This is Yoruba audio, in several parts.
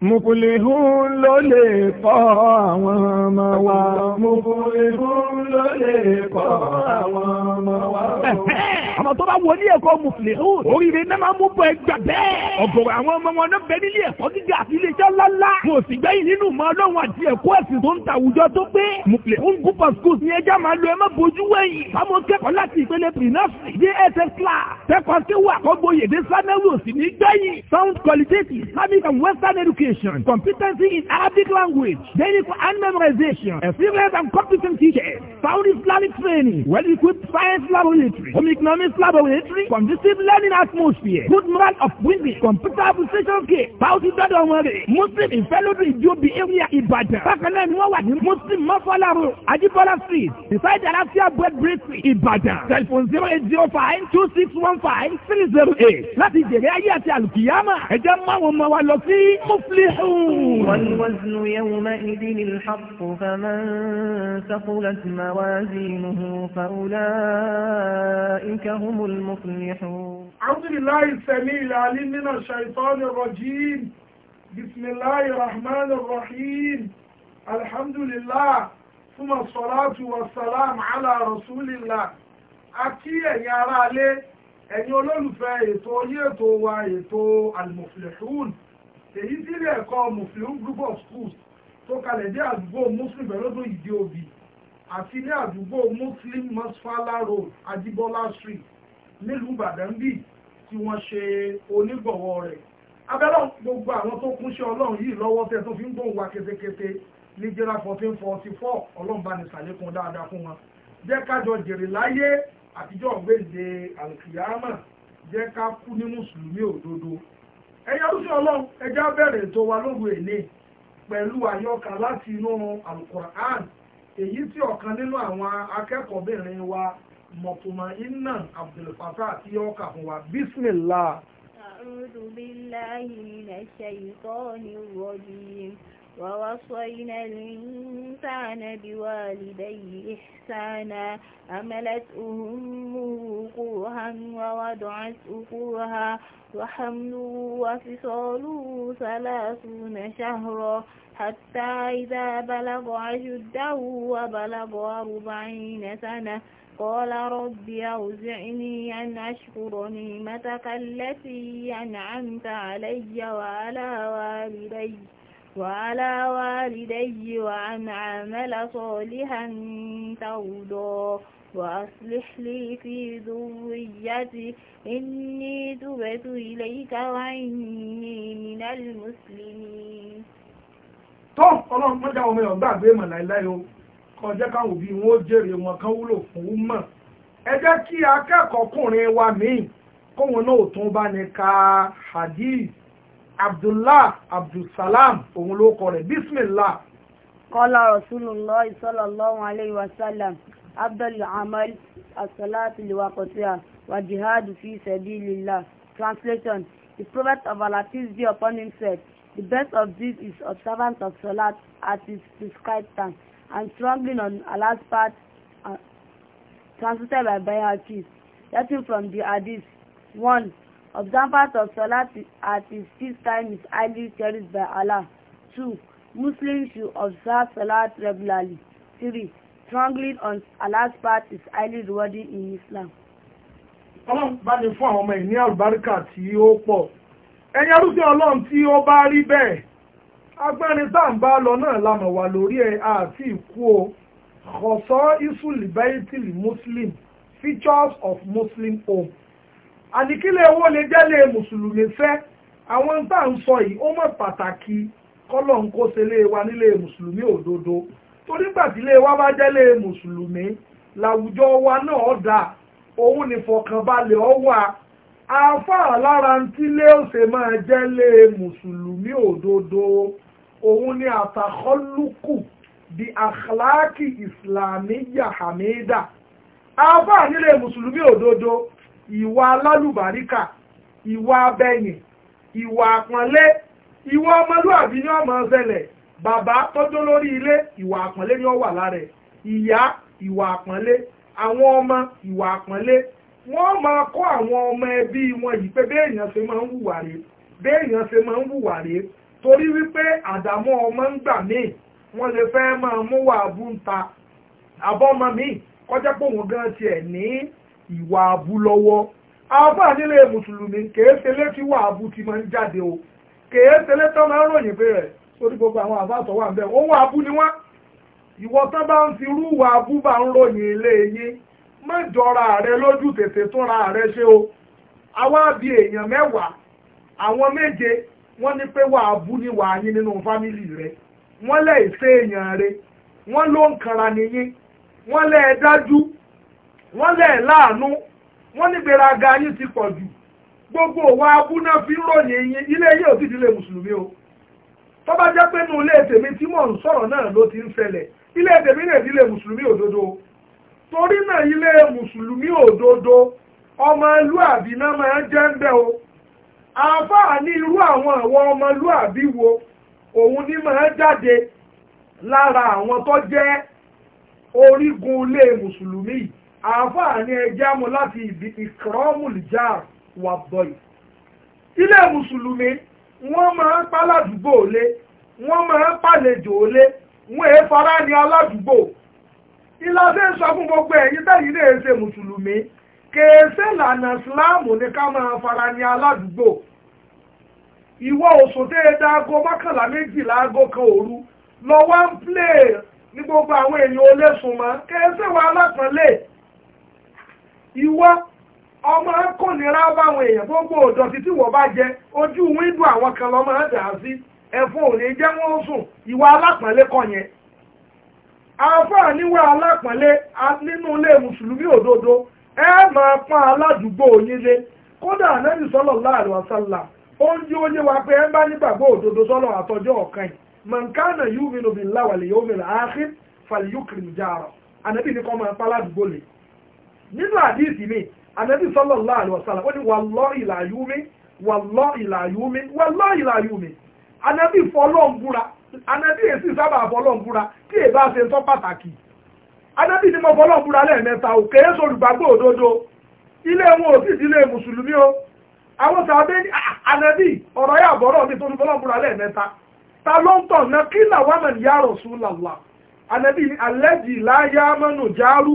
Mùkùlìhún ló lè kọ́ àwọn ọmọ wa. Mùkùlìhún ló lè kọ́ àwọn ọmọ wa. Àwọn tó bá wọ ní ẹ̀kọ́ Mùkùlìhún. Oríire náà máa mú bọ ẹgbà bẹ́ẹ̀. Ọ̀gọ̀rọ̀ àwọn ọmọ wọn náà bẹ nílé ẹ̀kọ́ gíga àti iléeṣẹ́ ńláńlá. Mo sì gbẹ́yìn nínú ìmọ̀ ọlọ́run àti ẹ̀kọ́ ẹ̀sìn tó ń ta àwùjọ tó pé. Mùkùlìhún Gúpọ̀ Schools ni ẹja máa lo ẹ má bojú wẹ̀yìn. Fáwọn kẹ́kọ̀ọ́ láti ìpele Prinafri, DSS class. Kẹ́kọ̀ọ́ kéwà kọ́gboyè dé Sound qualitative, Islamic and Western education education, competency in Arabic language, daily Quran memorization, experience and competent teacher. sound Islamic training, well-equipped science laboratory, home economics laboratory, conducive learning atmosphere, good moral of women, computer application care, bounty that don't worry, Muslim in fellowship in Jobi area Ibadan, Bakalan Mawad, Muslim Mafala Road, Adibola Street, beside Alafia Bread Bakery, Ibadan, telephone 0805 2615 308. That is the area àlùkìyámà, ẹ jẹ́ máwọn ọmọ wa lọ sí Mufli. تفلحون والوزن يومئذ الحق فمن ثقلت موازينه فأولئك هم المفلحون الحمد لله السميع العليم من الشيطان الرجيم بسم الله الرحمن الرحيم الحمد لله ثم الصلاة والسلام على رسول الله أكيد يا رالي أن olólùfẹ́ فايتو يتو ويتو المفلحون èyí sí ilé ẹ̀kọ́ Muslim group of schools tó kalẹ̀ dé àdúgbò Muslim bẹ̀rọ̀dún ìdí òbí àti ilé àdúgbò Muslim masfala road Ajibola street nílùú Ìbàdàn bíi tí wọ́n ṣe onígbọ̀wọ́ rẹ̀ abẹ́lọ́ gbogbo àwọn tó kúnṣẹ́ ọlọ́run yìí lọ́wọ́ tẹ́ tó fi ń gbóhùn wa ketekete ní jẹ́ra fourteen forty four ọlọ́run bá ní sàlékún dáadáa fún wọn jẹ́ kájọ jèrè láyé àtijọ́ gbèǹde àlùkìyámà jẹ́ ká kú ní mùsùlùmí òdodo ẹ̀yà oṣù ọlọ́run ẹjá bẹ̀rẹ̀ ètò wa lóru èlé pẹ̀lú àyọkà láti inú alukur'an èyí tí ọ̀kan nínú àwọn akẹ́kọ̀ọ́bìnrin wa mọ̀tùmọ̀ iná abdulfatah tí yọ fún wa bismillah. a'udhu billahi minash shaytanir rajim. ووصينا الإنسان بوالديه إحسانا أملت أمه قوها ووضعت أخوها وحمله وفصاله ثلاثون شهرا حتى إذا بلغ أشده وبلغ أربعين سنة قال رب أوزعني أن أشكر نعمتك التي أنعمت علي وعلى والدي وعلى والدي وأن عمل صالحا ترضى وأصلح لي في ذريتي إني تبت إليك وإني من المسلمين tó ọlọ́run mọ́já ọmọ èèyàn gbàgbé mọ̀ láìláì o káwọn òbí wọn ó jèrè wọn kan wúlò fún mọ̀ ẹ kí akẹ́kọ̀ọ́kùnrin wa míì kóun náà tún bá ní ka hadith abdullah abdulsalam òun ló kọ rẹ̀ bismillah. kọ́lá rasulullah sallallahu alayhi wa sallam abdul amal asalatu liwakotia wa jihadu fi sabilillah translation the prophet of allah peace be upon him said the best of this is observance of salat at its prescribed time and struggling on Allah's path uh, transmitted by Bayhaqis. Getting from the hadith One. Observance of Salat at its fixed time is highly cherished by Allah. Two, Muslims should observe Salat regularly. Three, Strangling on Allah's path is highly rewarding in Islam. Ọlọ́run bá ní fún àwọn ọmọ ẹ̀ ní àlùbáríkà tí ó pọ̀. Ẹ̀yin arúgbó Ọlọ́run tí ó bá rí bẹ́ẹ̀. Agbẹ́rin tá à ń bá lọ náà lamọ̀ wà lórí ẹ̀ àti ìkú o. Khosaisul Baitil Muslim, features of Muslim home àníkílẹ̀ owó lè jẹ́lẹ̀ mùsùlùmí fẹ́ àwọn tá à ń sọ yìí ó mọ̀ pàtàkì kọ́lọ̀ ń kó sílé wa nílé mùsùlùmí òdodo torí gbàtílé wa bá jẹ́lẹ̀ mùsùlùmí làwùjọ wa náà dà òun ní fọkànbalẹ̀ ọ wà àáfàá lára ń tílé òsè máa jẹ́lẹ̀ mùsùlùmí òdodo òun ní àtàkọ́lùkù bí àkàlákì ìsìlámíyà hàmídà àáfàá nílé mùsùlùmí òdodo ìwà alálùbáríkà ìwà abẹ́yìn ìwà àpọ́nlé ìwà ọmọlúàbí ni ọmọ ọsẹlẹ̀ bàbá tọ́jú lórí ilé ìwà àpọ́nlé ni ó wà lára ẹ̀ ìyá ìwà àpọ́nlé àwọn ọmọ ìwà àpọ́nlé wọ́n máa kọ́ àwọn ọmọ ẹbí wọn yìí pé béèyàn ṣe máa ń hùwà rèé béèyàn ṣe máa ń hùwà rèé torí wípé àdámọ́ ọmọ ń gbà míì wọ́n lè fẹ́ máa mú wà abúnta àbọ́mọ míì kọjá pé òun gan tiẹ̀ ní ìwà abú lọ́wọ́ àáfàá nílé mùsùlùmí kèé tẹlé tí wà abú ti máa ń jáde o kèé tẹlé tán máa ń ròyìn pé rẹ̀ sórí gbogbo àwọn àbá àtọwà ń bẹ owó abú ni wọ́n ìwọ tán bá ń fi rúwà abú bá ń ròyìn ilé yín má jọra rẹ lójú tètè túnra rẹ ṣe o àwa bíi èèyàn mẹ́wàá àwọn méje wọ́n ní pé wà abú ni wà yín nínú fámìlì rẹ wọ́n lẹ́ẹ̀ṣẹ́ èèyàn rẹ wọ́n ló ń kanra nìyí wọ́n lẹ́ẹ̀ dájú wọ́n lẹ̀ láàánú wọ́n ní aga yín ti pọ̀ jù gbogbo wa abúná fi ń ròyìn yín ilé yìí ò sì ti lè mùsùlùmí o tó bá jẹ́ pé nínú ilé tèmi tí mò ń sọ̀rọ̀ náà ló ti ń fẹlẹ̀ ilé tèmi náà ti lè mùsùlùmí òdodo torí náà ilé mùsùlùmí òdodo ọmọlúàbí náà máa ń jẹ́ ń bẹ́ o àáfàá ní irú àwọn àwọn ọmọlúàbí wo òun ni máa jáde lára àwọn tó jẹ́ orígun ilé mùsùlùmí yìí àáfàá ni ẹja mu láti ibi ìkọ́mùlìjà wà bọ̀yì ilé mùsùlùmí wọ́n máa ń pa aládùúgbò lé wọ́n máa ń pàlejò lé wọ́n èé fara ní aládùúgbò ìlàsẹ̀ sọ gbogbo ẹ̀yin tẹ̀yìn náà ṣe mùsùlùmí kèéṣe lànà síláàmù ní ká máa fara ní aládùúgbò ìwọ òṣòdé dáago mọ́kànlá méjìlá aago kan òru lọ́wọ́ ń plé ní gbogbo àwọn èèyàn kèéṣe wà iwọ ọmọ akọ́nira báwọn èèyàn gbogbo òdọ̀tí tí wọ́n bá jẹ ojú wíńdò àwọn kan lọ́mọ dà sí ẹ̀fọn ò lè jẹ́ wọ́n sùn ìwà alápọ̀nlé kọ́ yẹn àfáà níwà nínú ilé mùsùlùmí òdodo ẹ máa pọ́n aládùúgbò yín kódà sọlọ oúnjẹ wa pé ẹ bá òdodo ọ̀kan nínú àdìsí mi ànábì sallallahu alaihi wasallam ó ní wallahi la yu'min wallahi la yu'min wallahi la yu'min ànábì fọlọ́n búra ànábì èsì sábà fọlọ́n búra tí èbá ṣe sọ pàtàkì ànábì ni mo fọlọ́n búra lẹ́ẹ̀mẹ́ta ò kéré sólùgbàgbọ́ òdodo ilé wọn ò sì sílé mùsùlùmí o àwọn sàbẹ́ ní ah, ànábì ọ̀rọ̀ yà bọ̀rọ̀ mi tó ní fọlọ́n búra lẹ́ẹ̀mẹ́ta ta ló ń tọ̀ ná kí làwọn àmì ya Rasulullah ànábì ni alẹ́jì láyá mọ́nù járú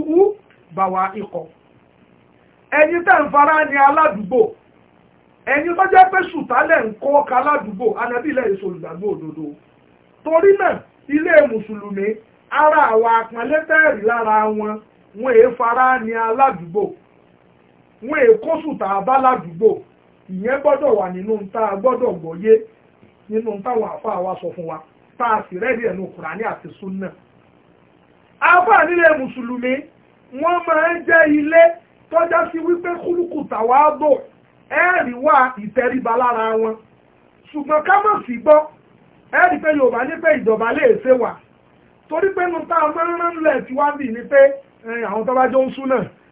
bawa ikọ̀ ẹni tẹ́ ń fara ní aládùúgbò ẹni tó jẹ́ pé sùtálẹ̀ ń kọ́ ọkà aládùúgbò anabi èso òdodo ara àwa àpọ́nlé tẹ́ẹ̀rì lára wọn wọn èé fara ní aládùúgbò wọn èé kó sùtà abá ìyẹn gbọ́dọ̀ wà nínú ta gbọ́dọ̀ gbọ́yé nínú àfa wa sọ fún wa tá a sì rẹ́ẹ̀dì ẹ̀nu àti wọ́n máa ń jẹ́ ilé tọ́já sí wípé kúlùkù tàwáàbò ẹ̀rí wà ìtẹríba lára wọn ṣùgbọ́n ká mọ̀ sí gbọ́ ẹ̀rí pé yorùbá ní pé ìjọba lè ṣe wà torí pé nu tá a máa ń rán lẹ̀ tí wá bì ní pé àwọn tó bá jọ ń sún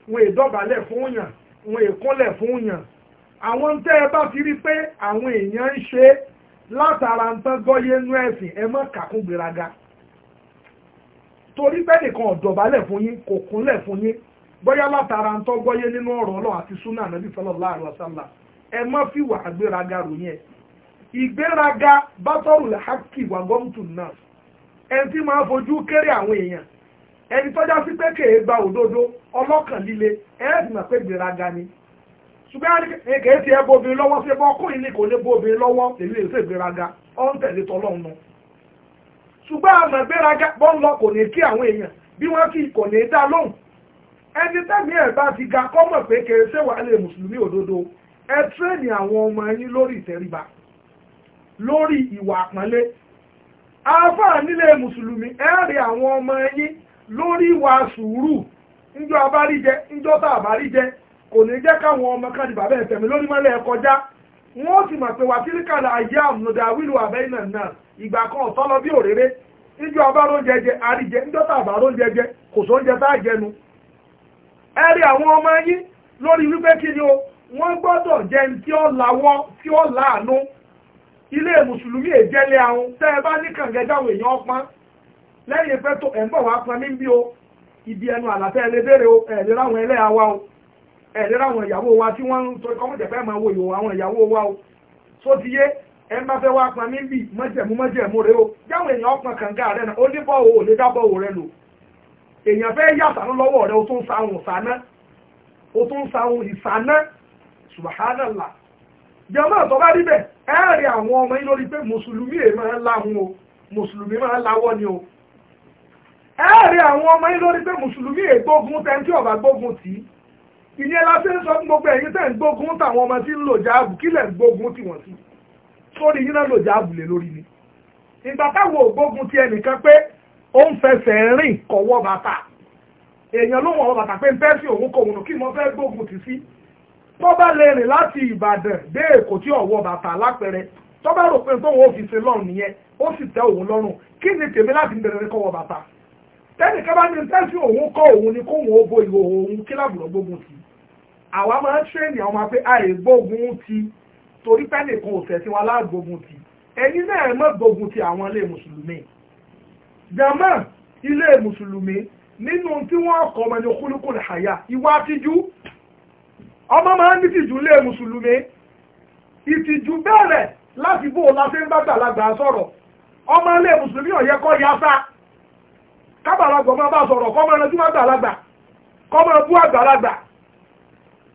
wọn èdọ́balẹ̀ fún yàn wọn èkúnlẹ̀ fún yàn àwọn tẹ́ ẹ bá ti rí pé àwọn èèyàn ń ṣe látara ń tán gọ́yé nú ẹ̀sìn ẹ má kàkún gbéraga torí pẹ́nìkan ọ̀dọ̀bálẹ̀ fún yín kò kúnlẹ̀ fún yín bóyá látara ń tọ́gbọ́yé nínú ọ̀rọ̀ ọlọ́run àti súnà nàbí ẹ má fi wà àgbéraga ròyìn ẹ̀ ìgbéraga bátọ́rù làákì wà gọ́mùtù náà ẹni tí máa fojú kéré àwọn èèyàn ẹni tọ́já sí pé kèé gba òdodo ọlọ́kàn líle mà pé ni ṣùgbọ́n kèé ti ẹ ṣùgbọ́n àmọ̀ gbéraga bọ́ ń lọ kò ní kí àwọn èèyàn bí wọ́n kí kò ní dá lóhùn ẹni tẹ́mi ẹ̀ bá ti ga kọ́mọ̀ pé kèrè sẹ́wàálẹ̀ mùsùlùmí òdodo ẹ tírẹ́nì àwọn ọmọ enyi lórí ìtẹríba lórí ìwà àpọ́nlé àáfàá nílé mùsùlùmí ẹ rí ọmọ lórí ìwà sùúrù njọ abáríjẹ tá kò ní jẹ́ ọmọ kan di bàbá lórí mọ́lẹ̀ kọjá wọ́n sì mọ̀ pé ìgbà kan ọ̀tọ́ lọ bí òréré níjọ́ abáró jẹjẹ àríjẹ níjọ́ta àbáró jẹjẹ kò sóúnjẹ tá àjẹnu ẹ rí àwọn ọmọ yín lórí wípé kí ni o wọ́n gbọ́dọ̀ tí ó lawọ́ tí ó láàánú ilé mùsùlùmí àwọn tẹ́ ẹ bá ní kàngẹ́jà o ibi ẹnu àlàfẹ́ o ráwọn àwa o ráwọn ìyàwó wa tí wọ́n ń sọ máa wo àwọn ìyàwó wa o ẹ má fẹ́ wá pọn níbi mọ́jẹ̀mú mọ́jẹ̀mú rẹ o jáwọn èèyàn ọpọn kànga rẹ náà ó ní bọ́ọ̀ ò ní dábọ̀ọ̀ rẹ lò èèyàn fẹ́ yàtà lọ́wọ́ rẹ o tún sa ohun ìsáná o tún sa ohun ìsáná subahánàlá jọmọ tó bá rí bẹ́ẹ̀ ẹ rí àwọn ọmọ yín lórí pé mùsùlùmí ẹ máa ń láhùn o mùsùlùmí máa ń láwọ́ ni o ẹ rí àwọn ọmọ yín lórí pé mùsùlùmí ẹ gbógun tẹ́ńtì ọ̀bà gbógun tì í ìyẹn la ṣe ń sọ gbogbo ẹ̀yin tẹ́ ń gbógun táwọn ọmọ tí ń lò jáàbù kílẹ̀ ń gbógun tiwọn sí i sórí yín náà lò já àbùlé lórí ni ìgbà táwọn ògbógun ti ẹnìkan pé ó ń fẹsẹ̀ rìn kọ́wọ́ bàtà èèyàn ló wọ̀ bàtà pé ń fẹ́ sí òun kò wùnú kí mo fẹ́ gbógun tì sí tó bá lè rìn láti ìbàdàn dé èkó tí ọ̀wọ́ bàtà lápẹ̀rẹ̀ tó bá rò pé tóun ò fi ṣe lọ́rùn nìyẹn ó sì tẹ́ òun lọ́rùn kí ni tèmi láti bẹ̀rẹ̀ kọ́wọ́ bàtà tẹ́nìkan bá ní tẹ́sí òun kọ́ òun ni kóun ó bo ìhòòhò òun kíláàbù lọ́gbógun tì àwa máa ń ṣe torí pẹ́ẹ́nì kan ò tẹ̀sí wọn aláàgbógun ti ẹ̀yin náà mọ̀ gbógun ti àwọn ilé mùsùlùmí jàmọ́ ilé mùsùlùmí nínú tí wọ́n kọ́ ọmọ ní kúlùkùn àyà ìwà àtijú ọmọ máa ń ní tìjú ilé mùsùlùmí ìtìjú bẹ̀rẹ̀ láti bó o láti ń bá gbàlagbà sọ̀rọ̀ ọmọ ilé mùsùlùmí ó yẹ kó yasa kábàlagbà ọmọ bá sọ̀rọ̀ kọ́ ọmọ ẹranjú má gbàlagbà kọ́ ọmọ ẹbú àgbàlagbà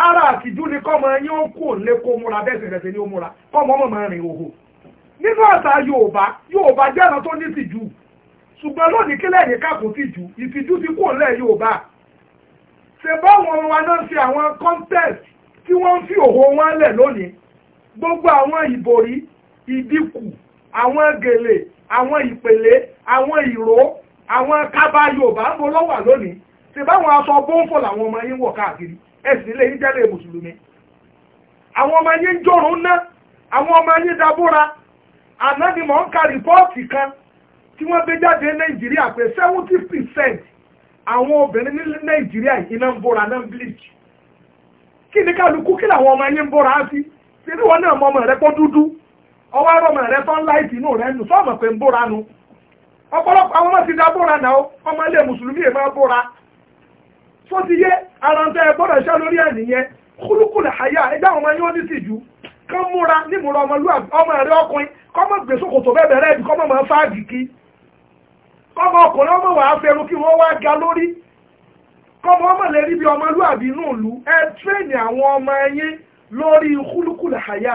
ara àtijú ni kọ́mọ yín ó kú òǹlé kó múra bẹ́ẹ̀ sẹ̀sẹ̀ ni ó múra kọ́mọ ọmọ máa rìn òhò nínú àṣà Yorùbá Yorùbá jẹ́ ẹ̀rọ tó ní tìjú ṣùgbọ́n lónìí kílẹ̀ ní káàkó tìjú ìtìjú ti kú òǹlẹ̀ Yorùbá ṣe báwọn wa náà ṣe àwọn contest tí wọ́n ń fi òhò wọn lẹ̀ lónìí gbogbo àwọn ìbòrí ìdíkù àwọn gèlè àwọn ìpèlé àwọn ìró àwọn kábà Yorùbá ń bo lọ́wà lónìí ṣe báwọn aṣọ bóńfò làwọn ọmọ yín wọ̀ káàkiri ẹ̀sìn lè jẹ́lẹ̀ mùsùlùmí àwọn ọmọ yín jòrò ná àwọn ọmọ yín dabúra ànábì ka rìpọ́ọ̀tì kan tí wọ́n gbé jáde nàìjíríà pé seventy percent àwọn obìnrin ní nàìjíríà iná ń bóra náà bleach kí ni kálukú kí làwọn ọmọ yín ń bóra á wọn náà mọ ọmọ rẹ pọ́ dúdú ọwọ́ ọmọ rẹ inú rẹ nù pé ọmọ ti tó ti yé ara ń tẹ́ ẹ gbọ́dọ̀ ṣá lórí ẹ̀ nìyẹn kúlùkùlù àyà ẹgbẹ́ àwọn ọmọ yín wọ́n ní tìjú kán múra nímúra ọmọlúwàbí ọmọ rẹ ọkùnrin kọ́mọ gbèsòkòtò bẹ́ẹ̀ bẹ̀rẹ̀ ẹ̀dì kọ́mọ máa fáàgì kí kọ́mọ ọkùnrin ọmọ wàá fẹ́rù kí wọ́n wá ga lórí kọ́mọ ọmọ lè rí bí ọmọlúwàbí inú ẹ tírèèni àwọn ọmọ yín lórí kúlùkùlù àyà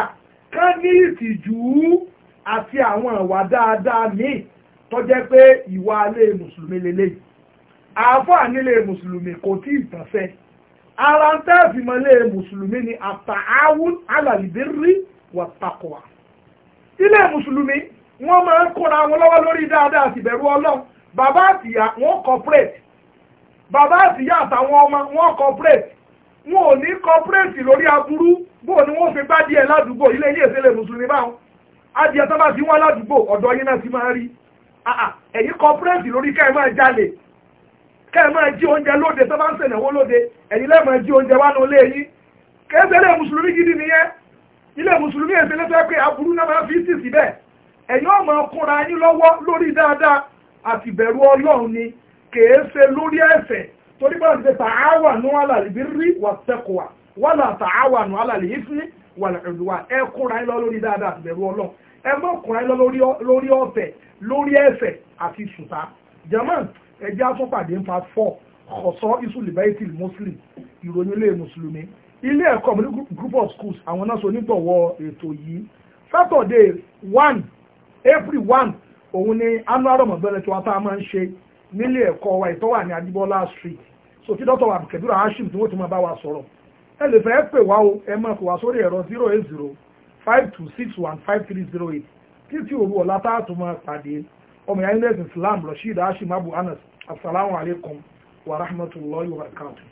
kán ní ìtìjú àti àwọn ìwà dáadáa míì tó pé ìwà alẹ́ mùsùlùmí lélẹ́yìí àáfàá nílé mùsùlùmí kò tí ì tànṣẹ́ ara ń tẹ́ ìfìmọ́lé mùsùlùmí ni àtàáwùn alàlìbírí wà taqwa ilé mùsùlùmí wọ́n máa ń kóra wọn lọ́wọ́ lórí dáadáa àti ìbẹ̀rù ọlọ́run bàbá àtìyá wọ́n corporate bàbá àtìyá àtàwọn ọmọ wọ́n corporate wọn ò ní corporate lórí aburú bó ni wọ́n fi bá díẹ̀ ládùúgbò ilé yìí èsèlè mùsùlùmí báwọn adìẹ tó bá ti wọ́n ládùúgbò ọ̀dọ̀ yín náà ti máa rí ẹ̀yin corporate lórí ká ẹ máa jalè kẹ́ ẹ máa jí oúnjẹ lóde tó bá ń sẹ̀nẹ̀wó lóde ẹ̀yin lẹ́ẹ̀ máa jí oúnjẹ wá nílé yín kẹ́sẹ̀ ilé mùsùlùmí gidi nìyẹn ilé mùsùlùmí ẹ̀sẹ̀ lẹ́sẹ̀ pé aburú náà máa fi sí síbẹ̀ ẹ̀yin ọmọ kúnra yín lọ́wọ́ lórí dáadáa àti bẹ̀rù ọlọ́run ni kèé ṣe lórí ẹ̀ṣẹ̀ torí bá ti tààwà nù alàlìbí rí wà tẹ́kọ̀wà wàlà tààwà nù alàlìyí sí wàlà ẹ̀dùwà ẹ kúnra yín lọ lórí dáadáa àti bẹ̀rù ẹjẹ́ àtúnpàdé ń fa four ọ̀sọ́ isulibaitil muslim ìròyìn ilé mùsùlùmí ilé ẹ̀kọ́ mi ní group of schools àwọn náà so nítọ̀wọ́ ètò yìí Saturday one April one òun ni annual ramadan tí wọn tá a máa ń ṣe nílé ẹ̀kọ́ wa ìtọ́ wà ní Ajibola street so tí dr abdulkadir hashim tí wọ́n ti máa bá wa sọ̀rọ̀ ẹ lè fẹ́ pè wá o ẹ máa pè wá sórí ẹ̀rọ zero eight zero five two six one five three zero eight títí òru ọ̀la tá a tún máa pàdé ọmọ ìyá ilẹ̀ islam rashid hashim abu anas assalamu alaikum wa rahmatullahi wa barakatuh